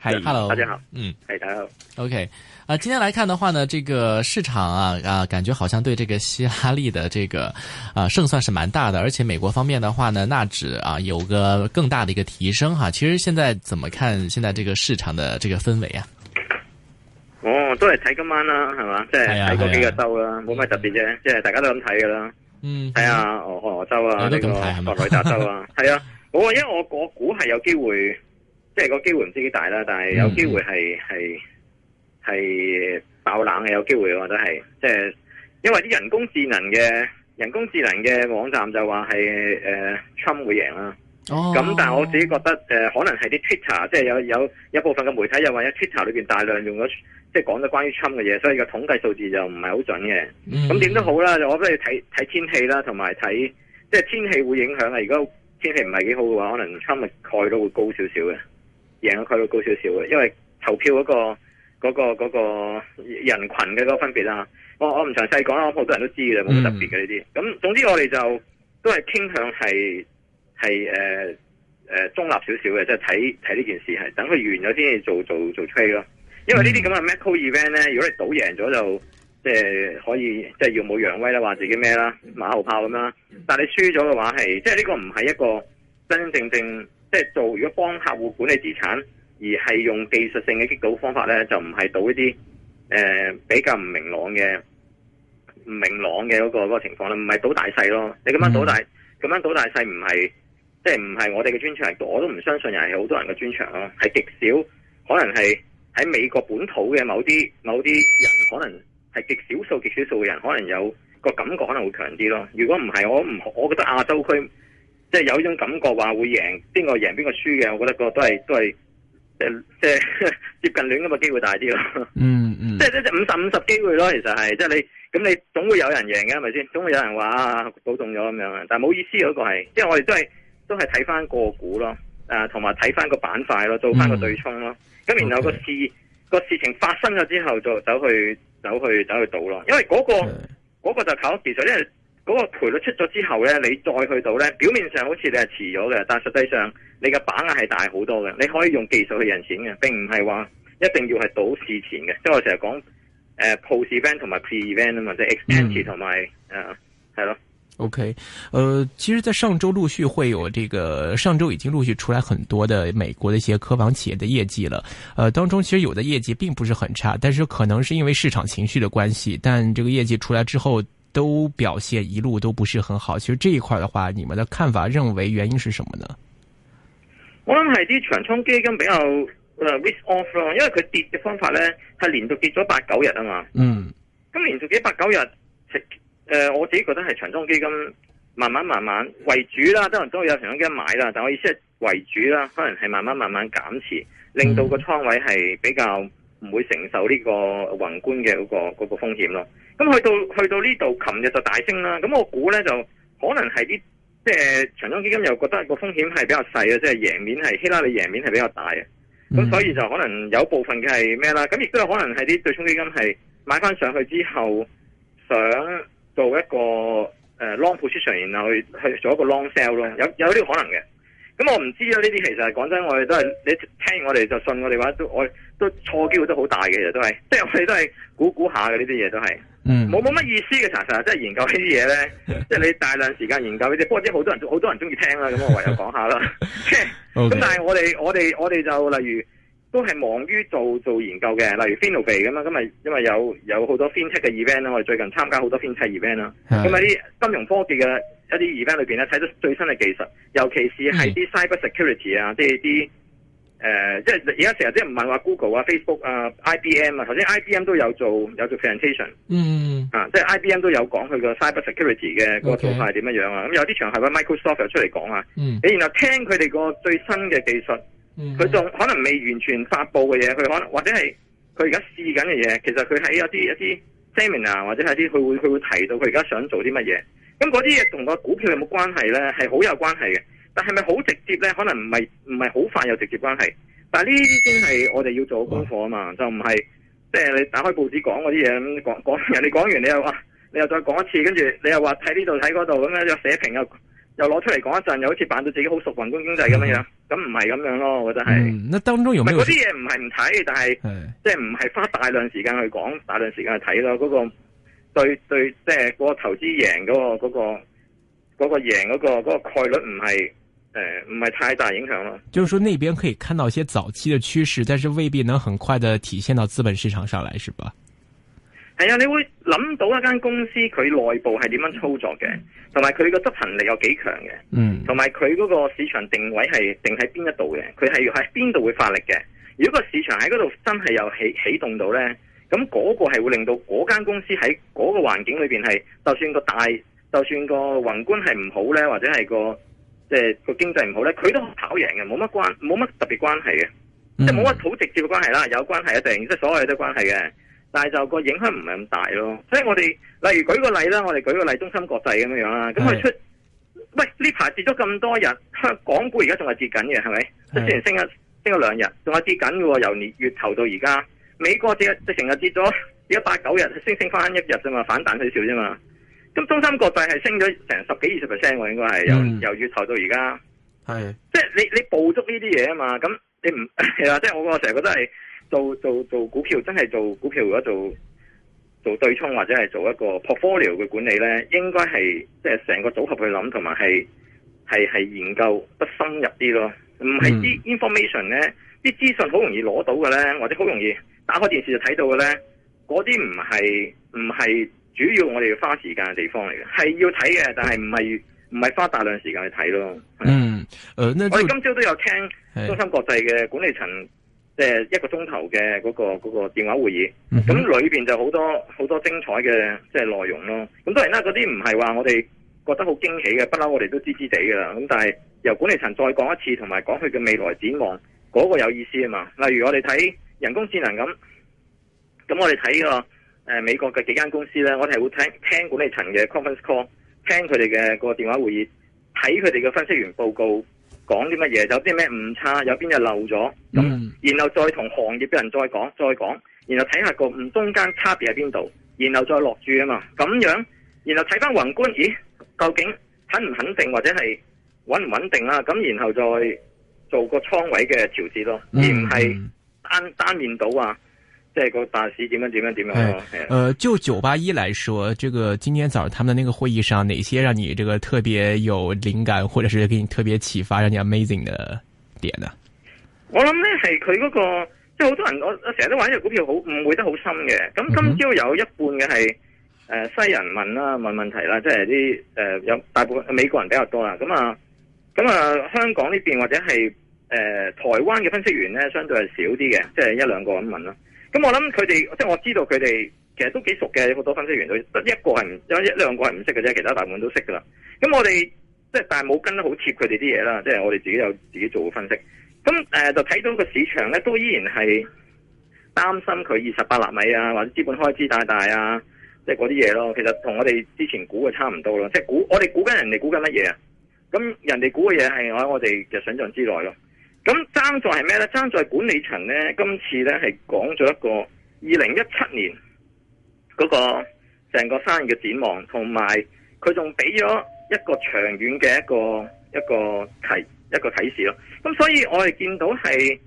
Hi，Hello，大家好。嗯，Hi，大家好。OK，啊、uh，今天來看的話呢，這個市場啊，啊，感覺好像對這個希拉利的這個，啊，勝算是蠻大的。而且美國方面的話呢，納指啊，有個更大的一個提升哈、啊。其實現在怎麼看，現在這個市場的這個氛圍啊？我、哦、都係睇今晚啦，係嘛？即係睇嗰幾個州啦、啊，冇咩、啊啊、特別啫、嗯，即係大家都咁睇噶啦。嗯。睇下俄俄州啊，呢、嗯這個佛羅里達州啊。係啊，我因為我個估係有機會。即係個機會唔知幾大啦，但係有機會係係係爆冷嘅，有機會我覺得係。即係因為啲人工智能嘅人工智能嘅網站就話係誒 Trump 會贏啦。咁、oh, 但係我自己覺得誒、呃，可能係啲 Twitter，即係有有一部分嘅媒體又話喺 Twitter 裏邊大量用咗，即係講咗關於 Trump 嘅嘢，所以個統計數字就唔係好準嘅。咁，mm-hmm，點都好啦，我都係睇睇天氣啦，同埋睇即係天氣會影響啊。如果天氣唔係幾好嘅話，可能 Trump 概率會高少少嘅。贏嘅概率高少少嘅，因為投票嗰、嗰個嗰、嗰個嗰、嗰個嗰個人群嘅嗰個分別啦。我我唔詳細講啦，好多人都知嘅，冇特別嘅呢啲。咁、嗯、總之我哋就都係傾向係係誒誒中立少少嘅，即係睇睇呢件事係等佢完咗先做做做 trade 咯。因為呢啲咁嘅 macro event 咧，如果你賭贏咗就即係可以即係耀武揚威啦，話自己咩啦，馬後炮咁啦。但係你輸咗嘅話係，即係呢個唔係一個真真正正。即係做如果幫客戶管理資產，而係用技術性嘅激賭方法呢，就唔係賭一啲誒、呃、比較唔明朗嘅唔明朗嘅個個情況啦，唔係賭大細咯。你咁樣賭大，咁樣賭大細唔係即係唔係我哋嘅專長嚟，我都唔相信人係好多人嘅專長咯、啊，係極少可能係喺美國本土嘅某啲某啲人，可能係極少數極少數嘅人，可能有個感覺可能會強啲咯。如果唔係，我唔我覺得亞洲區。即係有一種感覺話會贏邊個贏邊個輸嘅，我覺得個都係都係，誒即，即接近亂咁嘅機會大啲咯。嗯嗯。即係即係五十五十機會咯，其實係即係你咁你總會有人贏嘅係咪先？總會有人話啊賭中咗咁樣啊，但係冇意思嗰、那個係，即係我哋都係都係睇翻個股咯，同埋睇翻個板塊咯，做翻個對沖咯，咁、嗯、然後個事個、okay. 事情發生咗之後，就走去走去走去賭咯。因為嗰、那個嗰、那個就靠技術因為嗰、那個賠率出咗之後咧，你再去到咧，表面上好似你係遲咗嘅，但係實際上你嘅把握係大好多嘅。你可以用技術去贏錢嘅，並唔係話一定要係賭事前嘅。即係我成日講誒 post event 同埋 pre event 啊嘛，即係 extensive 同埋誒係咯。OK，誒、呃，其實在上周陸續會有這個，上周已經陸續出來很多嘅美國的一些科網企業的業績了。誒、呃，當中其實有的業績並不是很差，但是可能係因為市場情緒嘅關係，但係這個業績出來之後。都表現一路都不是很好，其實這一塊的話，你們的看法認為原因是什麼呢？我諗係啲長倉基金比較，誒，risk off，因為佢跌嘅方法咧係連續跌咗八九日啊嘛。嗯。咁連續跌八九日，誒、嗯，我自己覺得係長倉基金慢慢慢慢為主啦，當然都有長倉基金買啦，但我意思係為主啦，可能係慢慢慢慢減持，令到個倉位係比較。唔會承受呢個宏觀嘅嗰個嗰個風險咯。咁去到去到呢度，琴日就大升啦。咁我估呢，就可能係啲即係長莊基金又覺得個風險係比較細嘅，即係贏面係希拉里贏面係比較大嘅。咁、嗯、所以就可能有部分嘅係咩啦？咁亦都有可能係啲對沖基金係買翻上去之後，想做一個誒、呃、long position，然後去去做一個 long sell 咯。有有呢個可能嘅。咁我唔知啊！呢啲其實講真我，我哋都係你聽完我哋就信我哋話，都我都錯，機會都好大嘅、就是嗯，其實都係即係我哋都係估估下嘅呢啲嘢都係，冇冇乜意思嘅，查實即係研究呢啲嘢咧，即 係你大量時間研究呢啲，不過即係好多人好多人中意聽啦，咁我唯有講下啦。咁 但係我哋我哋我哋就例如都係忙於做做研究嘅，例如 Finobi 咁啊，咁咪因為有有好多 FinTech 嘅 event 啦，我哋最近參加好多 FinTech event 啦，咁啊啲金融科技嘅。一啲 event 裏邊咧睇到最新嘅技術，尤其是係啲 cyber security 啊，即係啲誒，即係而家成日即係唔問話 Google 啊、Facebook 啊、IBM 啊，頭先 IBM 都有做有做 presentation，嗯啊，即係 IBM 都有講佢個 cyber security 嘅個做法點樣啊，咁、嗯、有啲場合嘅 Microsoft 又出嚟講啊，你然後聽佢哋個最新嘅技術，佢、嗯、仲可能未完全發布嘅嘢，佢可能或者係佢而家試緊嘅嘢，其實佢喺有啲一啲 seminar 或者係啲佢會佢會提到佢而家想做啲乜嘢。咁嗰啲嘢同個股票有冇關係咧？係好有關係嘅，但係咪好直接咧？可能唔係唔係好快有直接關係。但係呢啲先係我哋要做功課啊嘛，哦、就唔係即係你打開報紙講嗰啲嘢咁講講，人哋講完，你，完你，你又話，你又再講一次，跟住你又話睇呢度睇嗰度咁樣又寫評又又攞出嚟講一陣，又好似扮到自己好熟宏觀經濟咁樣樣。咁唔係咁樣咯，我覺得係。嗰啲嘢唔係唔睇，但係即係唔係花大量時間去講，大量時間去睇咯，嗰個。對對，即係個投資贏嗰個、嗰個、嗰個、嗰個贏、嗰個、嗰個概率唔係誒唔係太大影響咯。就是說，那邊可以看到一些早期的趨勢，但是未必能很快地體現到資本市場上來，是吧？係啊，你會諗到一間公司佢內部係點樣操作嘅，同埋佢個執行力有幾強嘅，嗯，同埋佢嗰個市場定位係定喺邊一度嘅，佢係喺邊度會發力嘅。如果個市場喺嗰度真係有起起動到呢。咁嗰個係會令到嗰間公司喺嗰個環境裏邊係，就算個大，就算個宏觀係唔好咧，或者係個即係、即係、個經濟唔好咧，佢都好跑贏嘅，冇乜關，冇乜特別關係嘅，嗯，即係冇乜好直接嘅關係啦。有關係一定，即係所有都關係嘅，但係就個影響唔係咁大咯。所以我哋例如舉個例啦，我哋舉個例，中芯國際咁樣樣啦，咁佢出喂呢排跌咗咁多日，港股而家仲係跌緊嘅，係咪？即係之前升一升咗兩日，仲係跌緊嘅，由年月頭到而家。美國隻一直成日跌咗，現在8，而家八九日先升翻一日啫嘛，反彈少少啫嘛。咁中芯國際係升咗成十幾二十 percent 應該係由、嗯、由月頭到而家。係即係你你捕捉呢啲嘢啊嘛，咁你唔係啊？ 即係我個成日覺得係做做做股票，真係做股票如果做做對沖或者係做一個 portfolio 嘅管理咧，應該係即係成個組合去諗，同埋係係係研究得深入啲咯。唔係啲 information 咧，啲資訊好容易攞到嘅咧，或者好容易。打開電視就睇到嘅咧，嗰啲唔係唔係主要我哋要花時間嘅地方嚟嘅，係要睇嘅，但係唔係唔係花大量時間去睇咯。嗯，誒，我哋今朝都有聽中芯國際嘅管理層，即係一個鐘頭嘅嗰個嗰、嗰個電話會議，咁裏邊就好多好、嗯、多精彩嘅即係內容咯。咁當然啦，嗰啲唔係話我哋覺得好驚喜嘅，不嬲我哋都知知哋噶啦。咁但係由管理層再講一次，同埋講佢嘅未來展望，嗰、嗰個有意思啊嘛。例如我哋睇。人工智能咁，咁我哋睇呢個誒美國嘅幾間公司咧，我哋係會聽聽管理層嘅 conference call，聽佢哋嘅個電話會議，睇佢哋嘅分析員報告，講啲乜嘢，有啲咩誤差，有邊嘢漏咗，咁然後再同行業嘅人再講再講，然後睇下個唔中間差別喺邊度，然後再落注啊嘛，咁樣，然後睇翻宏觀，咦，究竟肯唔肯定或者係穩唔穩定啦、啊，咁然後再做個倉位嘅調節咯，嗯、而唔係。嗯嗯單單年度啊，即係個大市點樣點樣點樣誒、啊哎呃，就九八一來說，這個今天早上他們的那個會議上，哪些讓你這個特別有靈感，或者是給你特別啟發，讓你 amazing 的點呢、啊？我諗呢係佢嗰個，即係好多人，我成日都玩呢隻股票，好誤會得好深嘅。咁今朝有一半嘅係誒西人問啦，問問題啦，即係啲誒有大部分美國人比較多啦。咁啊，咁啊，香港呢邊或者係。誒、呃、台灣嘅分析員咧，相對係少啲嘅，即係一兩個咁問啦。咁我諗佢哋，即係我知道佢哋其實都幾熟嘅，好多分析員都得一個係有一兩個係唔識嘅啫，其他大部分都識噶啦。咁我哋即係但係冇跟得好貼佢哋啲嘢啦，即係我哋自己有自己做嘅分析。咁誒、呃、就睇到個市場咧，都依然係擔心佢二十八納米啊，或者資本開支大大啊，即係嗰啲嘢咯。其實同我哋之前估嘅差唔多咯，即係估我哋估緊人哋估緊乜嘢啊？咁人哋估嘅嘢係喺我哋嘅想象之內咯。咁爭在係咩呢？爭在管理層呢。今次呢係講咗一個二零一七年嗰個成個生意嘅展望，同埋佢仲俾咗一個長遠嘅一個一個提一個提示咯。咁所以我哋見到係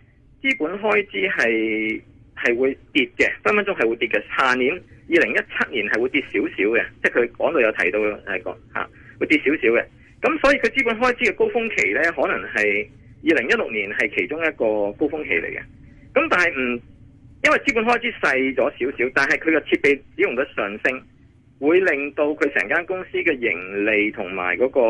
資本開支係係會跌嘅，分分鐘係會跌嘅。下年二零一七年係會跌少少嘅，即係佢講到有提到係講吓會跌少少嘅。咁所以佢資本開支嘅高峰期呢，可能係。二零一六年係其中一個高峰期嚟嘅，咁但係唔，因為資本開支細咗少少，但係佢個設備使用率上升，會令到佢成間公司嘅盈利同埋嗰個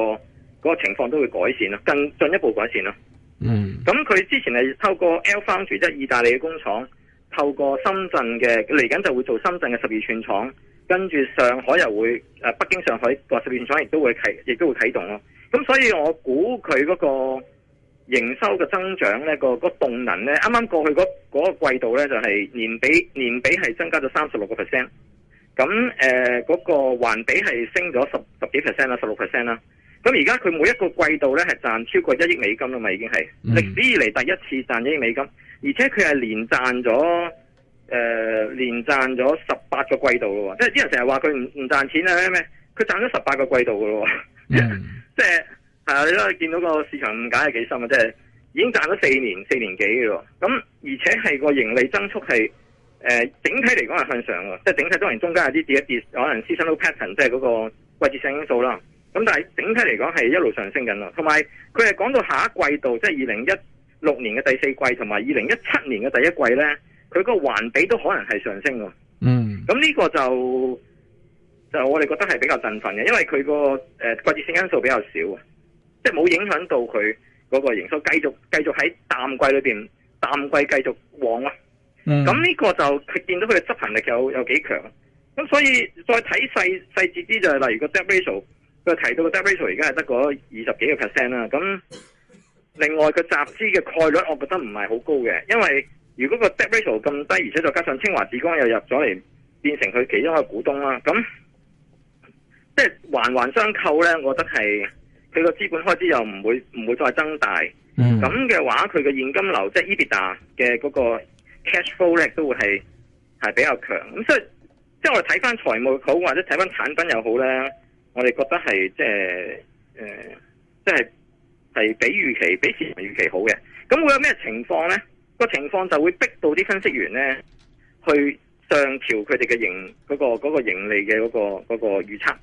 嗰個情況都會改善咯，更進一步改善咯。嗯，咁佢之前係透過 LFoundry 即係意大利嘅工廠，透過深圳嘅嚟緊就會做深圳嘅十二寸廠，跟住上海又會誒北京、上海個十二寸廠亦都會啟亦都會啟動咯。咁所以我估佢嗰個。營收嘅增長咧，個、嗰個動能咧，啱啱過去嗰嗰個季度咧就係、是、年比年比係增加咗三十六個 percent，咁誒嗰個環比係升咗十十幾 percent 啦，十六 percent 啦。咁而家佢每一個季度咧係賺超過一億美金啦嘛，已經係歷史以嚟第一次賺一億美金，而且佢係連賺咗誒連賺咗十八個季度嘅喎，即係啲人成日話佢唔唔賺錢啊咩咩，佢賺咗十八個季度嘅咯，即、嗯、係。 就係啊！你都係見到個市場誤解係幾深啊！即係已經賺咗四年、四年幾嘅喎。咁、嗯、而且係個盈利增速係誒、呃、整體嚟講係向上喎。即係整體當然中間有啲跌一跌，可能 seasonal pattern，即係嗰個季節性因素啦。咁、嗯、但係整體嚟講係一路上升緊咯。同埋佢係講到下一季度，即係二零一六年嘅第四季同埋二零一七年嘅第一季咧，佢個環比都可能係上升喎。嗯，嗯。咁呢個就就我哋覺得係比較振奮嘅，因為佢個誒季節性因素比較少啊。即係冇影響到佢嗰個營收，繼續繼續喺淡季裏面，淡季繼續旺咯、啊。咁、mm. 呢個就見到佢嘅執行力有有幾強。咁所以再睇細,細節啲就係、是，例如個 debt ratio 佢提到個 debt ratio 而家係得個二十幾個 percent 啦。咁另外個集資嘅概率，我覺得唔係好高嘅，因為如果個 debt ratio 咁低，而且再加上清華紫光又入咗嚟變成佢其中一個股東啦、啊，咁即係環環相扣咧，我覺得係。佢個資本開支又唔會唔會再增大，咁 mm-hmm，嘅話佢嘅現金流即係、就、EBITDA，是、嘅嗰個 cash flow rate 都會係係比較強咁，所以即係我哋睇翻財務好或者睇翻產品又好咧，我哋覺得係即係誒，即係係比預期比市場預期好嘅。咁會有咩情況咧？嗰個情況就會逼到啲分析員咧去上調佢哋嘅盈嗰、嗰個嗰個盈利嘅嗰、嗰個嗰、嗰個預測。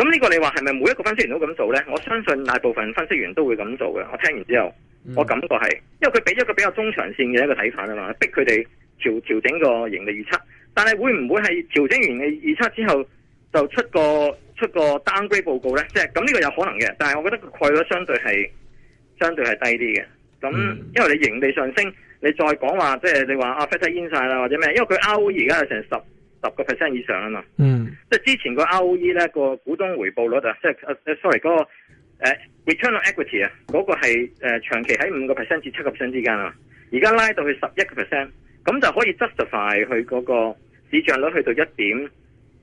咁、這、呢個你話係咪每一個分析員都咁做呢？我相信大部分分析員都會咁做嘅。我聽完之後，我感覺係，因為佢俾咗個比較中長線嘅一個睇法啊嘛，逼佢哋調調整個盈利預測。但係會唔會係調整完嘅預測之後就出個出個 downgrade 報告呢？即係咁呢個有可能嘅，但係我覺得個概率相對係相對係低啲嘅。咁因為你盈利上升，你再講話即係你話阿費特煙曬啦或者咩？因為佢 ROE 而家就成十。十個 percent 以上啊嘛，嗯，即係之前個 ROE 咧、那個股東回報率、就是、啊，即係啊 sorry 嗰、那個誒、啊、return on equity 啊，嗰、那個係誒、呃、長期喺五個 percent 至七個 percent 之間啊，而家拉到去十一個 percent，咁就可以 justify 去嗰個市賬率去到一點、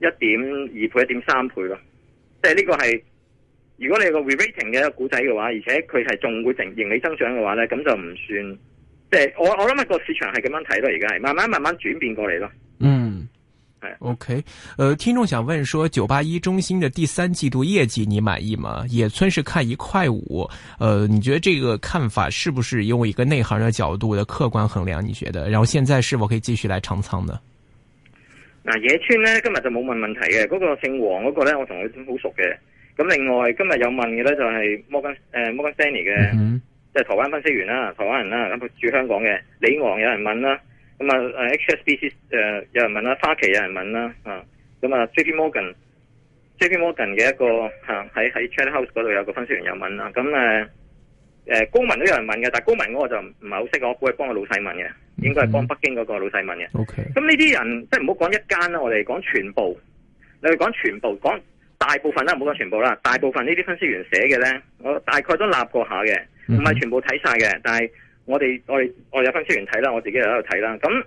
一點二倍、一點三倍咯。即係呢個係如果你有個 re-rating 嘅一個股仔嘅話，而且佢係仲會淨盈利增長嘅話咧，咁就唔算。即係我我諗個市場係咁樣睇咯，而家係慢慢慢慢轉變過嚟咯。OK，呃，聽眾想問說，九八一中芯的第三季度業績你滿意嗎？野村是看一塊五，呃，你覺得這個看法是不是用一個內行的角度的客觀衡量？你覺得，然後現在是否可以繼續來長倉呢？那野村呢今日就冇問問題嘅，嗰、那個姓王嗰個咧，我同佢好熟嘅。咁另外今日有問嘅咧就係摩根誒摩根 Stanley 嘅，即、嗯、係、就是、台灣分析員啦，台灣人啦，諗住香港嘅李昂有人問啦。咁、嗯、啊，誒 HSBC 誒、呃、有人問啦，花旗有人問啦，啊咁啊 JP Morgan，JP Morgan 嘅 Morgan 一個嚇喺、啊、喺 Chad House 嗰度有個分析員有問啦，咁誒誒高民都有人問嘅，但高民嗰個就唔係好識咯，我估係幫個老細問嘅，應該係幫北京嗰個老細問嘅。OK。咁呢啲人即係唔好講一間啦，我哋講全部，你哋講全部，講大部分啦，唔好講全部啦，大部分呢啲分析員寫嘅咧，我大概都立過一下嘅，唔係全部睇晒嘅，但係。我哋我哋我有分析完睇啦，我自己又喺度睇啦。咁，誒、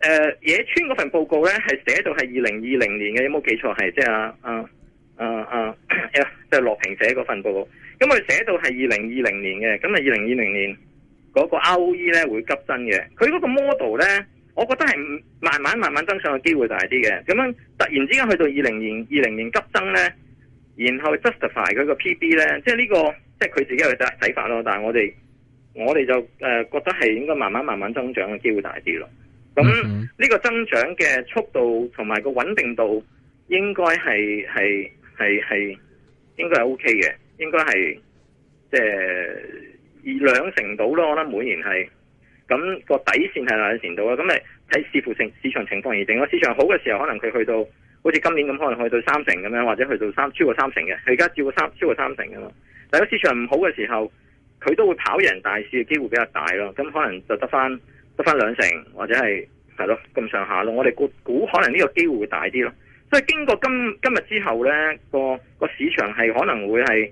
呃、野村嗰份報告咧，係寫到係二零二零年嘅，有冇記錯係即係啊啊啊啊，即係、就是呃呃就是、樂平寫嗰份報告。咁佢寫到係二零二零年嘅，咁啊二零二零年嗰個 ROE 咧會急增嘅。佢嗰個 model 咧，我覺得係慢慢慢慢增長嘅機會大啲嘅。咁樣突然之間去到二零年二零年急增咧，然後 justify 佢個 PB 咧，即係、這、呢個即係佢自己去睇法咯。但係我哋。我哋就誒覺得係應該慢慢慢慢增長嘅機會大啲咯。咁呢、嗯，呢個增長嘅速度同埋個穩定度應該係係係係應該係 O K 嘅，應該係即係兩成到咯。我諗每年係咁個底線係兩成到啦。咁你睇視乎市場情況而定咯。市場好嘅時候，可能佢去到好似今年咁，可能去到三成咁樣，或者去到三超過三成嘅。佢而家超過三超過三成噶嘛。但係個市場唔好嘅時候。佢都會跑贏大市嘅機會比較大咯，咁可能就得翻得翻兩成或者係係咯咁上下咯。我哋估估可能呢個機會會大啲咯。所以經過今今日之後呢個個市場係可能會係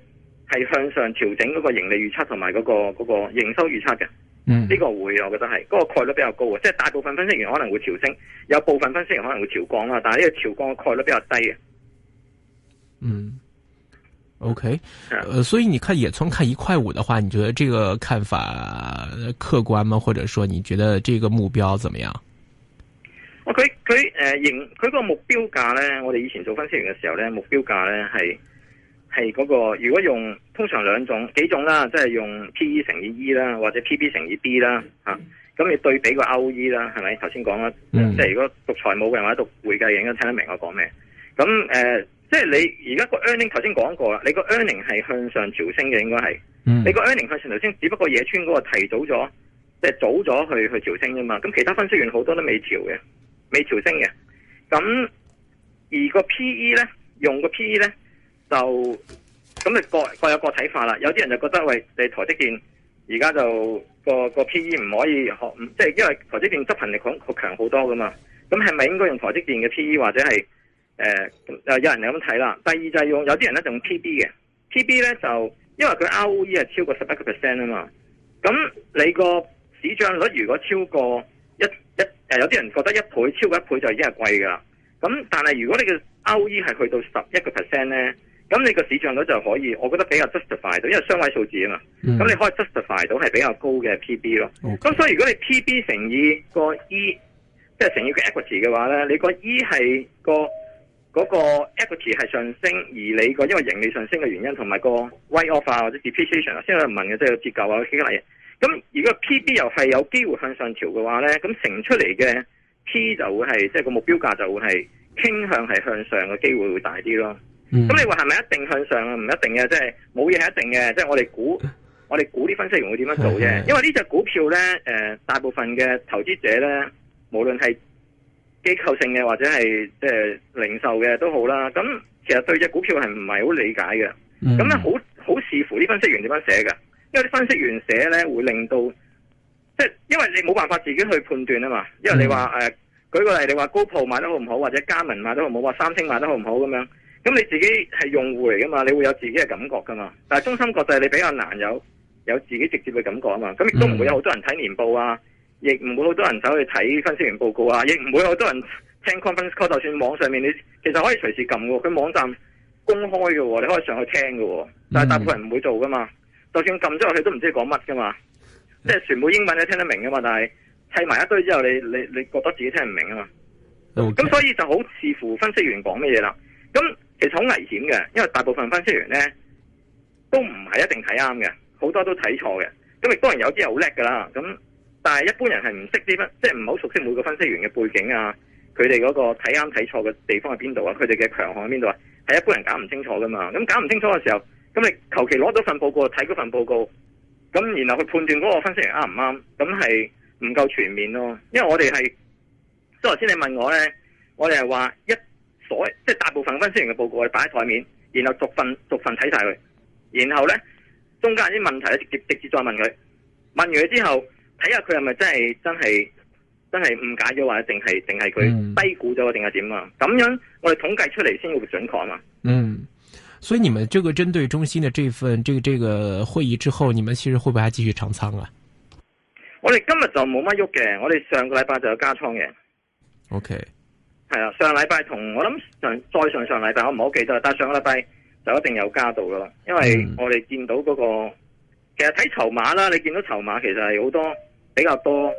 係向上調整嗰個盈利預測同埋嗰個嗰個營收預測嘅。嗯，呢個會我覺得係嗰個概率比較高啊，即係大部分分析員可能會調升，有部分分析員可能會調降啦。但係呢個調降嘅概率比較低嘅。嗯。O、okay, K，呃，所以你看野村看一塊五的話，你覺得這個看法客觀嗎？或者說你覺得這個目標怎麼樣？我佢佢誒，營佢、呃、個目標價咧，我哋以前做分析員嘅時候咧，目標價咧係係嗰個如果用通常兩種幾種啦，即係用 P E 乘以 E 啦，啊嗯呃，或者 P B 乘以 B 啦，吓咁你對比個 O E 啦，係咪頭先講啦？即係如果讀財務嘅人或者讀會計嘅應該聽得明我講咩？咁誒。呃即係你而家個 earnings 頭先講過啦，你個 earnings 係向上調升嘅，應該係。嗯。你個 earnings 向上頭先只不過野村嗰個提早咗，即係早咗去去調升啫嘛。咁其他分析員好多都未調嘅，未調升嘅。咁而個 P E 咧，用個 P E 咧就咁你各，各有各睇法啦。有啲人就覺得喂，你台積電而家就、個、個 P E 唔可以學，即係因為台積電執行力好強好多噶嘛。咁係咪應該用台積電嘅 P E 或者係？誒、呃、誒，有人就咁睇啦。第二就係用有啲人咧就用 P/B 嘅，P/B 咧就因為佢 ROE 係超過十一個 percent 啊嘛。咁你個市賬率如果超過一一誒、呃，有啲人覺得一倍超過一倍就已經係貴噶啦。咁但係如果你嘅 ROE 係去到十一個 percent 咧，咁你個市賬率就可以，我覺得比較 justified 到，因為雙位數字啊嘛。咁、mm. 你可以 justify 到係比較高嘅 P/B 咯。咁、okay. 所以如果你 P/B 乘以個 E，即係乘以個 equity 嘅話咧，你的 e 是個 E 係個。嗰、那個 equity 係上升，而你個因為盈利上升嘅原因，同埋個 w r i、write、off 啊或者 depreciation 啊，先有人問嘅即係折舊啊嗰啲嘢。咁如果 PB 又係有機會向上調嘅話咧，咁乘出嚟嘅 P 就會係即係個目標價就會係傾向係向上嘅機會會大啲咯。咁、嗯、你話係咪一定向上啊？唔一定嘅，即係冇嘢係一定嘅，即、就、係、是、我哋估，我哋估啲分析員會點樣做啫？是是是因為呢隻股票咧，誒、呃、大部分嘅投資者咧，無論係。機構性嘅或者係即係零售嘅都好啦，咁其實對隻股票係唔係好理解嘅，咁咧好好視乎啲分析員點樣寫噶因為啲分析員寫咧會令到即係因為你冇辦法自己去判斷啊嘛，因為你話誒、呃、舉個例子你話高普買得好唔好或者加文買得好唔好，話三星買得好唔好咁樣，咁你自己係用戶嚟噶嘛，你會有自己嘅感覺噶嘛，但係中芯國際你比較難有有自己直接嘅感覺啊嘛，咁亦都唔會有好多人睇年報啊。Mm-hmm. 亦唔會好多人走去睇分析員報告啊！亦唔會好多人聽 conference call。就算網上面你其實可以隨時撳喎。佢網站公開嘅，你可以上去聽嘅。但係大部分人唔會做噶嘛、嗯。就算撳咗入去都唔知講乜㗎嘛。嗯、即係全部英文你聽得明㗎嘛，但係砌埋一堆之後，你你你覺得自己聽唔明啊嘛。咁、嗯、所以就好視乎分析員講乜嘢啦。咁其實好危險嘅，因為大部分分析員咧都唔係一定睇啱嘅，好多都睇錯嘅。咁亦當然有啲係好叻嘅啦。咁但係一般人係唔識啲乜，即係唔好熟悉每個分析員嘅背景啊，佢哋嗰個睇啱睇錯嘅地方喺邊度啊，佢哋嘅強項喺邊度啊，係一般人搞唔清楚噶嘛。咁搞唔清楚嘅時候，咁你求其攞到份報告睇嗰份報告，咁然後去判斷嗰個分析員啱唔啱，咁係唔夠全面咯。因為我哋係即係頭先你問我咧，我哋係話一所即係、就是、大部分分析員嘅報告，我哋擺喺台面，然後逐份逐份睇晒佢，然後咧中間啲問題咧直接直接再問佢，問完佢之後。睇下佢係咪真係真係真係誤解咗，或者定係定係佢低估咗，定係點啊？咁樣我哋統計出嚟先會準確啊嘛。嗯。所以你們這個針對中心的這份這個這個會議之後，你們其實會不會還繼續長倉啊？我哋今日就冇乜喐嘅，我哋上個禮拜就有加倉嘅。OK。係啦，上禮拜同我諗上再上上禮拜我唔好記得啦，但上個禮拜就一定有加到噶啦，因為我哋見到嗰個，嗯，其實睇籌碼啦，你見到籌碼其實係好多。比較多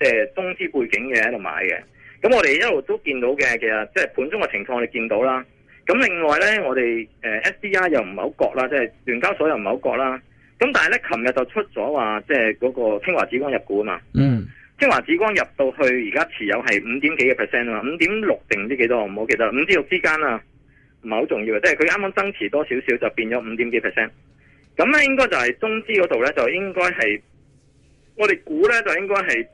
即係、呃、中資背景嘅喺度買嘅，咁我哋一路都見到嘅，其實即係盤中嘅情況我哋見到啦。咁另外咧，我哋誒 SDR 又唔係好覺啦，即係聯交所又唔係好覺啦。咁但係咧，琴日就出咗話，即係嗰個清華紫光入股啊嘛。嗯，清華紫光入到去，而家持有係五點幾嘅 percent 啊，五點六定唔知幾多，我唔好記得，五至六之間啊，唔係好重要嘅，即係佢啱啱增持多少少就變咗五點幾 percent。咁咧應該就係中資嗰度咧就應該係。我哋估咧就應該係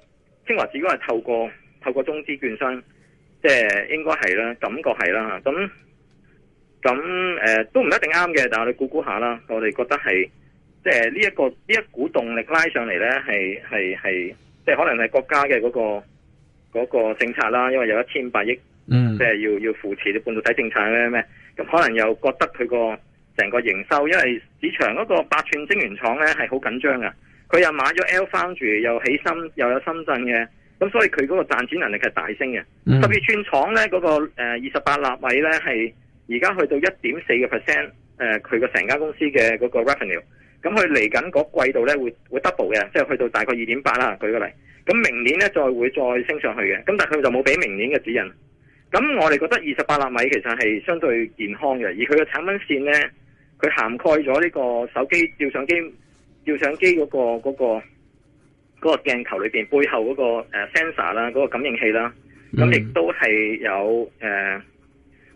清華紫光係透過透過中資券商，即係應該係啦，感覺係啦，咁咁誒都唔一定啱嘅，但係我哋估估下啦，我哋覺得係即係呢一個呢一股動力拉上嚟咧，係係係即係可能係國家嘅嗰個嗰個政策啦，因為有一千八億，嗯，即係要要扶持半導體政策咩咩咁，可能又覺得佢個成個營收，因為市場嗰個八寸晶圓廠咧係好緊張噶。佢又買咗 LFoundry，又起深，又有深圳嘅，咁所以佢嗰個賺錢能力係大升嘅。特別串廠咧，嗰個，呃二十八納米咧係而家去到一點四個 percent，呃佢個成家公司嘅嗰個 revenue，咁佢嚟緊嗰季度咧會會 double 嘅，即係去到大概二點八啦，舉個例。咁明年咧再會再升上去嘅，咁但係佢就冇俾明年嘅指引。咁我哋覺得二十八納米其實係相對健康嘅，而佢嘅產品線咧，佢涵蓋咗呢個手機照相機。照相機嗰、那個嗰、那個嗰、那個鏡頭裏邊背後嗰、那個誒、呃、sensor 啦，嗰個感應器啦，咁亦都係有誒，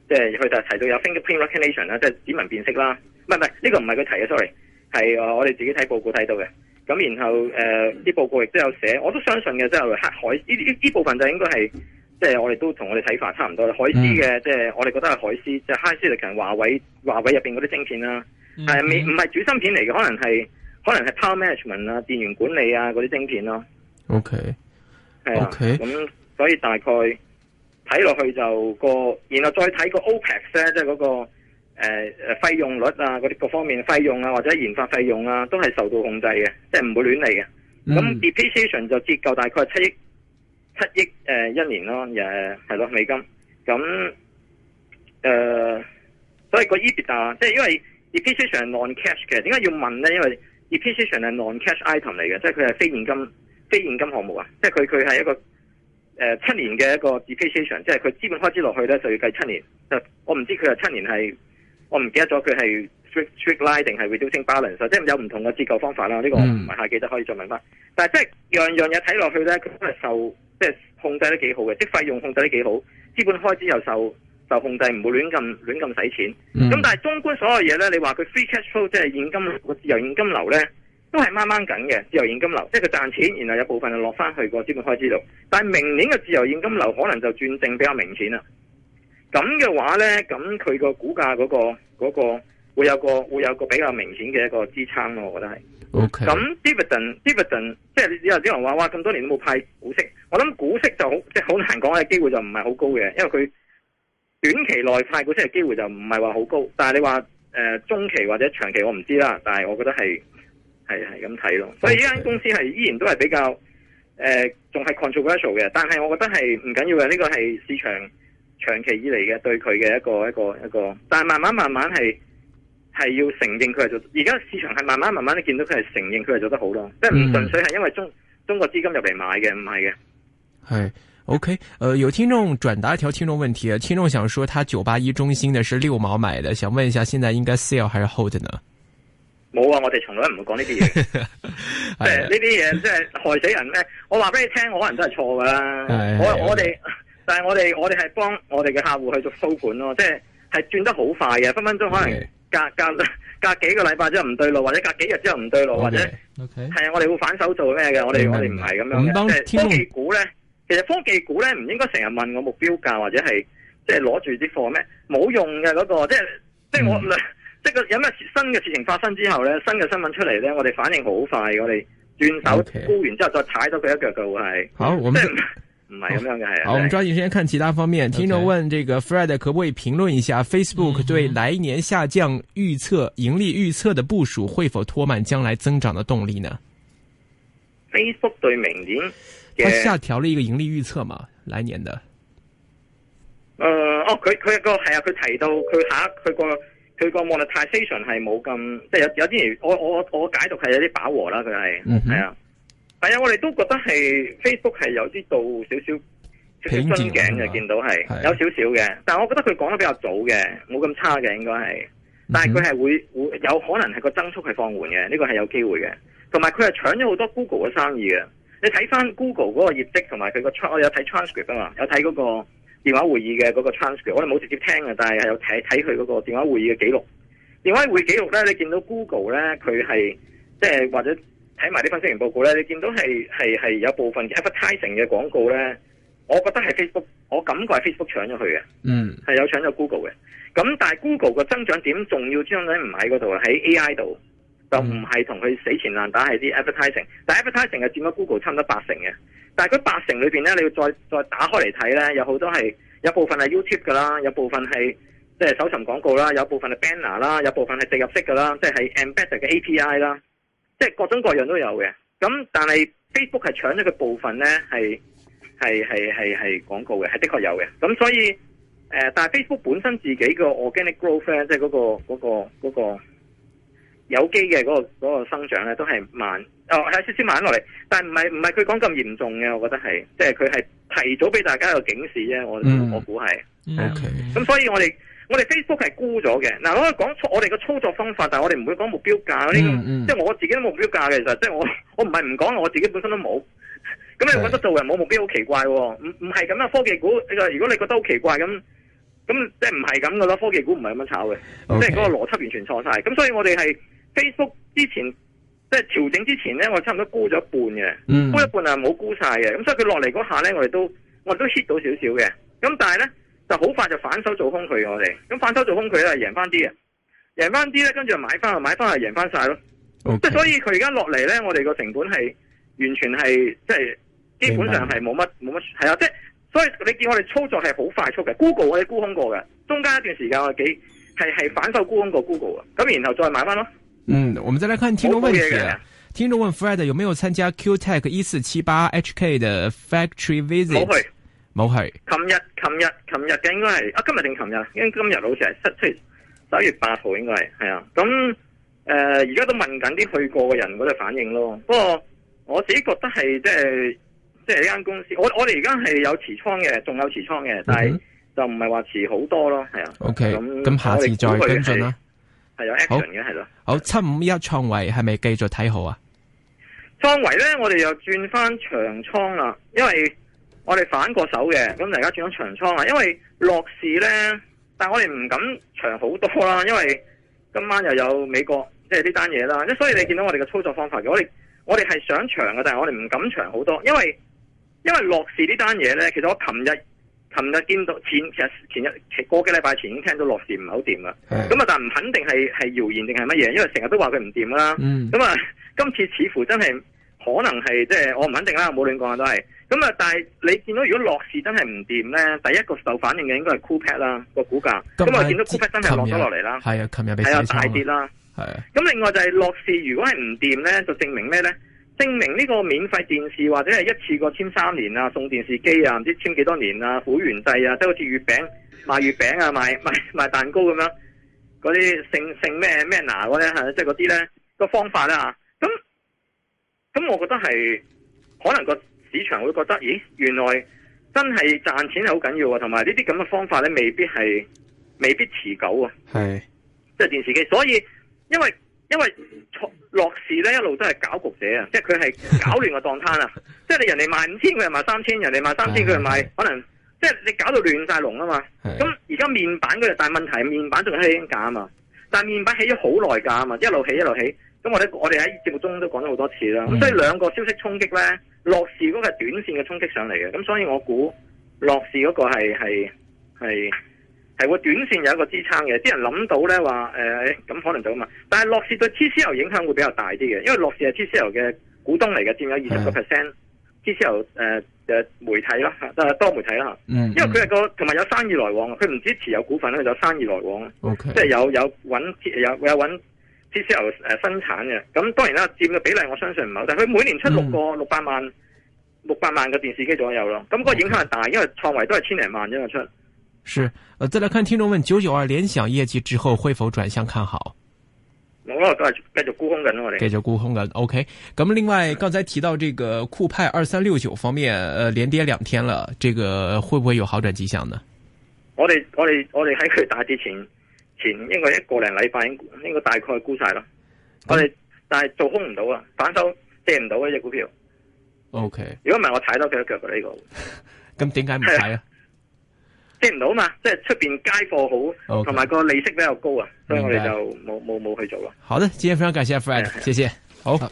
即係佢就是、提到有 fingerprint recognition 啦，即係指紋辨識啦。唔係唔係，呢、這個唔係佢提嘅，sorry，係我哋自己睇報告睇到嘅。咁然後誒，啲、呃、報告亦都有寫，我都相信嘅，即、就、係、是、海海呢呢部分就應該係，即、就、係、是、我哋都同我哋睇法差唔多。海思嘅，即、嗯、係、就是、我哋覺得係海思，即係 HiSilicon，華為華為入邊嗰啲晶片啦，係未唔係主芯片嚟嘅，可能係。可能係 power management 啊、電源管理啊嗰啲晶片咯。OK，係啊，咁、okay. 啊 okay. 所以大概睇落去就個，然後再睇個 OPEX 咧、啊，即係嗰個誒誒費用率啊嗰啲各方面費用啊或者研發費用啊都係受到控制嘅，即係唔會亂嚟嘅。咁 depreciation 就折舊大概七億七億誒一年咯，誒係咯美金。咁誒、呃，所以個 EBIT 啊，即係因為 depreciation 係 non cash 嘅，點解要問咧？因為 depreciation 係 non-cash item 嚟嘅，即係佢係非現金非現金項目啊！即係佢佢係一個誒七、呃、年嘅一個 depreciation 即係佢資本開支落去咧，就要計七年。就我唔知佢係七年係我唔記得咗，佢係 straight straight line 定係 reducing balance，即係有唔同嘅折舊方法啦。呢、我唔係太記得可以再問翻。Mm. 但係即係樣樣嘢睇落去咧，佢都係受即係控制得幾好嘅，即係費用控制得幾好，資本開支又受。受控制唔會亂咁亂咁使錢，咁、嗯、但係縱觀所有嘢咧，你話佢 free cash flow 即係現金個自由現金流咧，都係掹掹緊嘅自由現金流，即係佢賺錢，然後有部分就落翻去個資本開支度。但係明年嘅自由現金流可能就轉正比較明顯啦。咁嘅話咧，咁佢個股價嗰個嗰個會有個會有個比較明顯嘅一個支撐咯，我覺得係。O K。咁 dividend dividend 即係有啲人話哇，咁多年都冇派股息，我諗股息就好即係好難講嘅，機會就唔係好高嘅，因爲佢。短期內派股息嘅機會就唔係話好高，但係你話誒、呃、中期或者長期我唔知啦，但係我覺得係係係咁睇咯。所以呢間公司係依然都係比較誒仲係 controversial 嘅，但係我覺得係唔緊要嘅，呢個係市場長期以嚟嘅對佢嘅一個一個一個，但係慢慢慢慢係係要承認佢係做，而家市場係慢慢慢慢都見到佢係承認佢係做得好咯，即係唔純粹係因為中、嗯、中國資金入嚟買嘅，唔係嘅係。O.K.，誒、呃，有聽眾轉達一條聽眾問題，聽眾想說他九八一中芯嘅是六毛買嘅，想問一下現在應該 sell 還是 hold 呢？冇啊，我哋從來唔會講呢啲嘢，即係呢啲嘢即係害死人咧。 我話俾你聽，我可能都係錯噶啦。 我 我哋，但係我哋我哋係幫我哋嘅客戶去做操盤咯，即係係轉得好快嘅，okay. 分分鐘可能隔隔隔幾個禮拜之後唔對路，或者隔幾日之後唔對路，okay. 或者，係啊，我哋會反手做咩嘅？Okay. 我哋，right. 我哋唔係咁樣，當天龍股咧。其實科技股咧，唔應該成日問我目標價或者係即係攞住啲貨咩？冇用嘅。嗰、那個，即係即係我，嗯、即係個有咩新嘅事情發生之後咧，新嘅新聞出嚟咧，我哋反應好快，我哋轉手、okay. 沽完之後再踩到佢一腳嘅會係好，即係唔係咁樣嘅係。好，我哋抓緊時間看其他方面。聽眾問：這個 Fred 可唔可以評論一下、okay. Facebook 對來年下降預測、盈利預測嘅部署，會否拖慢將來增長嘅動力呢？Facebook 對明年。佢下調了一個盈利預測嘛？來年的。誒、呃，哦，佢佢個係啊，佢提到佢下佢個佢個 monetization 係冇咁，即、就、係、是、有有啲，我我我解讀係有啲飽和啦，佢係係啊。但係我哋都覺得係 Facebook 係有啲到少少，即係樽頸嘅。見到係、啊、有少少嘅。但係我覺得佢講得比較早嘅，冇咁差嘅應該係。但係佢係會、嗯、會有可能係個增速係放緩嘅，呢、這個係有機會嘅。同埋佢係搶咗好多 Google 嘅生意嘅。你睇翻 Google 嗰個業績同埋佢個 trans，我有睇 transcript 啊嘛，有睇嗰個電話會議嘅嗰個 transcript，我哋冇直接聽嘅，但係有睇睇佢嗰個電話會議嘅記錄。電話會記錄咧，你見到 Google 咧，佢係即係或者睇埋啲分析員報告咧，你見到係係係有部分 Advertising 嘅廣告咧，我覺得係 Facebook，我感覺係 Facebook 搶咗佢嘅，嗯，係有搶咗 Google 嘅。咁但係 Google 嘅增長點仲要將喺唔喺嗰度啊？喺 AI 度。就唔係同佢死纏爛打係啲 advertising 但係 advertising 係佔咗 Google 差唔多八成嘅。但係佢八成裏面咧，你要再再打開嚟睇咧，有好多係有部分係 YouTube 㗎啦，有部分係即係搜尋廣告啦，有部分係 banner 啦，有部分係植入式㗎啦，即係 embedded 嘅 API 啦，即係各種各樣都有嘅。咁但係 Facebook 係搶咗佢部分咧，係係係係係廣告嘅，係的確有嘅。咁所以，呃，但係 Facebook 本身自己個 organic growth 咧，即係嗰個嗰個嗰個。嗰個嗰個有機嘅嗰個嗰、嗰個生長咧都係慢，哦，係先先慢落嚟，但係唔係唔係佢講咁嚴重嘅，我覺得係，即係佢係提早俾大家一個警示啫。我、嗯、我估係咁，所以我哋我哋 Facebook 係沽咗嘅。嗱，我可以講我哋嘅操作方法，但係我哋唔會講目標價。呢個、嗯、即係我自己都冇目標價嘅，其實即係我我唔係唔講，我自己本身都冇。咁你覺得做人冇目標好奇怪？唔唔係咁啊？科技股，如果你覺得好奇怪咁咁，即係唔係咁噶咯？科技股唔係咁樣炒嘅，okay. 即係嗰個邏輯完全錯晒。咁所以我哋係。Facebook 之前即係調整之前咧，我差唔多沽咗一半嘅，沽、嗯、一半啊，冇沽晒嘅。咁所以佢落嚟嗰下咧，我哋都我哋都 hit 到少少嘅。咁但係咧就好快就反手做空佢，我哋咁反手做空佢係贏翻啲嘅，贏翻啲咧，跟住又買翻，買翻係贏翻晒咯。即、okay. 係所以佢而家落嚟咧，我哋個成本係完全係即係基本上係冇乜冇乜係啊！即係所以你見我哋操作係好快速嘅。Google 我哋沽空過嘅，中間一段時間我係幾係係反手沽空過 Google 啊，咁然後再買翻咯。嗯，我們再來看聽眾問題。聽眾問 Fred 有沒有參加 Qtech 一四七八 HK 的 factory visit？冇去？冇去？琴日、琴日、琴日嘅，應該係啊，今日定琴日？因為今日好似係七七、十一月八號應該係，係啊。咁、嗯、誒、呃、而家都問緊啲去過嘅人嗰度反應咯。不過我自己覺得係即係即係間公司，我我哋而家係有持倉嘅，仲有持倉嘅，但係就唔係話持好多咯，係啊。O K，咁咁下次再跟進啦。係有 action 嘅，係咯。好，好，七五一創維係咪繼續睇好啊？創維咧，我哋又轉翻長倉啦，因為我哋反過手嘅，咁而家轉咗長倉啦。因為樂視咧，但係我哋唔敢長好多啦，因為今晚又有美國即係呢單嘢啦。即係所以你見到我哋嘅操作方法，我哋我哋係想長嘅，但係我哋唔敢長好多，因為因為樂視呢單嘢咧，其實我琴日。琴日見到前，其實前日過幾禮拜前已經聽到樂視唔係好掂啦。咁啊，但係唔肯定係係謠言定係乜嘢，因為成日都話佢唔掂啦。咁、嗯、啊，今次似乎真係可能係即係我唔肯定啦，我冇亂講都係。咁啊，但係你見到如果樂視真係唔掂咧，第一個受反應嘅應該係 Coolpad 啦、個股價。咁、嗯、啊，見到 Coolpad 真係落咗落嚟啦。係啊，琴日係啊，大跌啦。係啊。咁另外就係樂視，如果係唔掂咧，就證明咩咧？證明呢個免費電視或者係一次過簽三年啊，送電視機啊，唔知簽幾多年啊，會員制啊，即係好似月餅賣月餅啊，賣賣賣蛋糕咁樣嗰啲，姓姓咩咩嗱嗰咧，即係嗰啲咧個方法啊。咁咁，我覺得係可能個市場會覺得，咦，原來真係賺錢係好緊要啊，同埋呢啲咁嘅方法咧，未必係未必持久啊，係即係電視機，所以因為。因為樂視咧一路都係搞局者啊，即係佢係搞亂個檔攤啊，即係你人哋賣五千佢又賣三千，人哋賣三千佢又賣，可能即係你搞到亂晒龍啊嘛。咁而家面板嗰日，但係問題面板仲係起價啊嘛，但係面板起咗好耐價啊嘛，一路起一路起。咁我哋我哋喺節目中都講咗好多次啦。咁 所以兩個消息衝擊咧，樂視嗰個係短線嘅衝擊上嚟嘅。咁所以我估樂視嗰個係係係。是是係會短線有一個支撐嘅，啲人諗到咧話，誒、呃、咁可能就咁嘛。但係樂視對 TCL 影響會比較大啲嘅，因為樂視係 TCL 嘅股東嚟嘅，佔有二十個 percent。TCL 誒誒媒體啦，多媒體啦，因為佢係個同埋有，有生意來往，佢唔支持有股份，佢有生意來往，okay。即係有有有有 TCL 誒、呃、生產嘅。咁當然啦，佔嘅比例我相信唔係，但係佢每年出六個六百萬六百萬嘅電視機左右咯。咁、嗰個影響係大，okay。因為為，因為創維都係千零萬啫嘛。出。是，呃，再來看聽眾問九九二聯想業績之後會否轉向看好？我、哦、都係繼續沽空緊我哋，繼續沽空緊。O K，咁麼另外剛才提到這個酷派二三六九方面，呃，連跌兩天了，這個會不會有好轉跡象呢？我哋我哋我哋喺佢打之前前應該一個零禮拜應應該大概沽晒啦。我哋、嗯、但係做空唔到啊，反手借唔到呢隻股票。O、嗯、K，如果唔係我踩多佢一腳嘅，呢個，咁點解唔踩啊？即唔到嘛，即係出邊街貨好，同埋個利息比較高啊，所以我哋就冇冇冇去做啦。好嘅，今天非常感謝 Fred 謝謝， 好。好